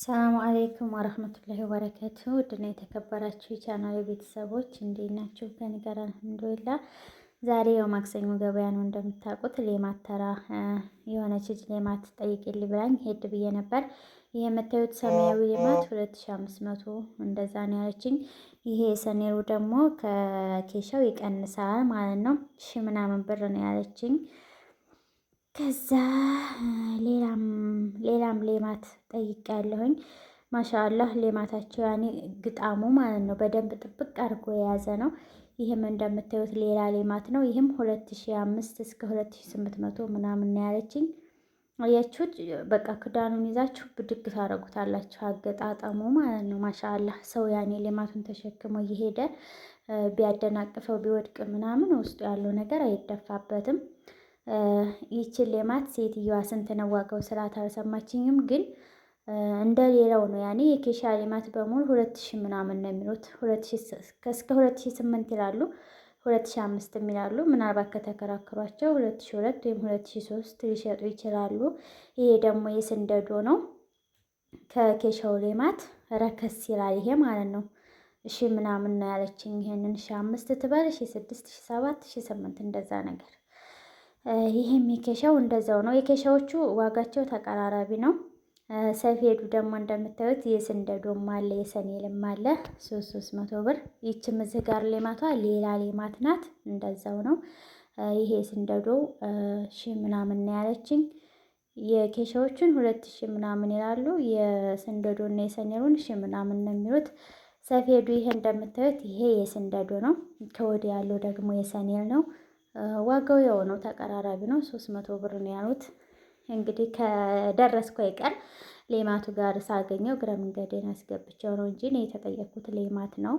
ሰላሙ አሌይኩም ወረህመቱላሂ ወበረከቱ ውድና የተከበራችሁ የቻናል ቤተሰቦች እንዴት ናችሁ? ከኔ ጋር አልሐምዱሊላ። ዛሬ ያው ማክሰኞ ገበያ ነው እንደምታውቁት። ሌማት ተራ የሆነች ልጅ ሌማት ጠይቂልኝ ብላኝ ሄድ ብዬ ነበር። ይህ የምታዩት ሰማያዊ ሌማት ሁለት ሺህ አምስት መቶ እንደዛ ነው ያለችኝ። ይሄ የሰኔሩ ደግሞ ከኬሻው ይቀንሳል ማለት ነው። ሺ ምናምን ብር ነው ያለችኝ። ከዛ ሌላም ሌማት ያለሁኝ ማሻአላህ ሌማታቸው ያኔ ግጣሙ ማለት ነው በደንብ ጥብቅ አድርጎ የያዘ ነው። ይህም እንደምታዩት ሌላ ሌማት ነው። ይህም ሁለት ሺ አምስት እስከ ሁለት ሺ ስምንት መቶ ምናምን ያለችኝ። አያችሁት? በቃ ክዳኑን ይዛችሁ ብድግ ታደርጉታላችሁ። አገጣጠሙ ማለት ነው። ማሻአላህ ሰው ያኔ ሌማቱን ተሸክሞ እየሄደ ቢያደናቅፈው ቢወድቅ ምናምን ውስጡ ያለው ነገር አይደፋበትም። ይችን ሌማት ሴትዮዋ ስንት ነው ዋጋው ስላት አልሰማችኝም። ግን እንደ ሌላው ነው ያኔ የኬሻ ሌማት በሙሉ ሁለት ሺ ምናምን ነው የሚሉት እስከ ሁለት ሺ ስምንት ይላሉ፣ ሁለት ሺ አምስት ይላሉ። ምናልባት ከተከራከሯቸው ሁለት ሺ ሁለት ወይም ሁለት ሺ ሶስት ሊሸጡ ይችላሉ። ይሄ ደግሞ የስንደዶ ነው። ከኬሻው ሌማት ረከስ ይላል ይሄ ማለት ነው። እሺ ምናምን ነው ያለችኝ። ይሄንን ሺ አምስት ትበል ሺ ስድስት ሺ ሰባት ሺ ስምንት እንደዛ ነገር ይህም የኬሻው እንደዛው ነው። የኬሻዎቹ ዋጋቸው ተቀራራቢ ነው። ሰፌዱ ደግሞ እንደምታዩት የስንደዶም አለ የሰኔልም አለ ሶስት ሶስት መቶ ብር። ይችም እዚህ ጋር ሌማቷ ሌላ ሌማት ናት። እንደዛው ነው። ይሄ ስንደዶ ሺ ምናምን ያለችኝ የኬሻዎቹን ሁለት ሺ ምናምን ይላሉ። የስንደዶ የሰኔሉን ሺ ምናምን ነው የሚሉት። ሰፌዱ ይሄ እንደምታዩት ይሄ የስንደዶ ነው። ከወዲያ ያለው ደግሞ የሰኔል ነው። ዋጋው ያው ነው፣ ተቀራራቢ ነው። ሶስት መቶ ብር ነው ያሉት። እንግዲህ ከደረስኩ አይቀር ሌማቱ ጋር ሳገኘው ግረ መንገዴን አስገብቼው ነው እንጂ እኔ የተጠየኩት ሌማት ነው።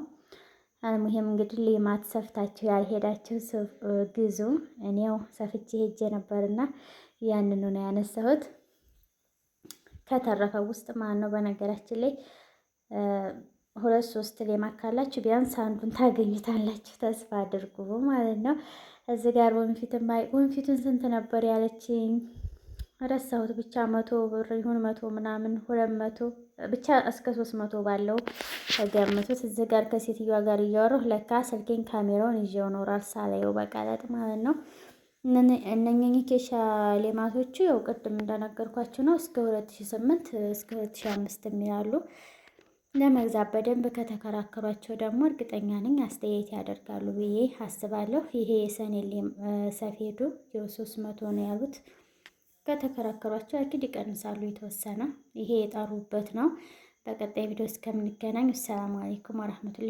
አልሙሄም እንግዲህ ሌማት ሰፍታችሁ ያልሄዳችሁ ግዙ። እኔው ሰፍቼ ሄጄ ነበርና ያንኑ ነው ያነሳሁት ከተረፈ ውስጥ ማን ነው። በነገራችን ላይ ሁለት ሶስት ሌማት ካላችሁ ቢያንስ አንዱን ታገኙታላችሁ። ተስፋ አድርጉ ማለት ነው። እዚህ ጋር ወንፊት ማይ ወንፊቱን ስንት ነበር ያለችኝ ረሳሁት። ብቻ መቶ ብር ይሁን መቶ ምናምን ሁለት መቶ ብቻ እስከ ሶስት መቶ ባለው ተገምቱት። እዚህ ጋር ከሴትዮዋ ጋር እያወራሁ ለካ ስልኬን ካሜራውን ይዤው ነው ራሳ በቃለጥ ማለት ነው። እነኚህ ኬሻ ሌማቶቹ ያው ቅድም እንደነገርኳችሁ ነው እስከ ሁለት ሺ ስምንት እስከ ሁለት ሺ አምስት የሚላሉ ለመግዛት በደንብ ከተከራከሯቸው ደግሞ እርግጠኛ ነኝ አስተያየት ያደርጋሉ ብዬ አስባለሁ። ይሄ የሰኔሌ ሰፌዱ የሶስት መቶ ነው ያሉት። ከተከራከሯቸው አኪድ ይቀንሳሉ የተወሰነ። ይሄ የጠሩበት ነው። በቀጣይ ቪዲዮ እስከምንገናኝ ሰላም አለይኩም ወረህመቱላ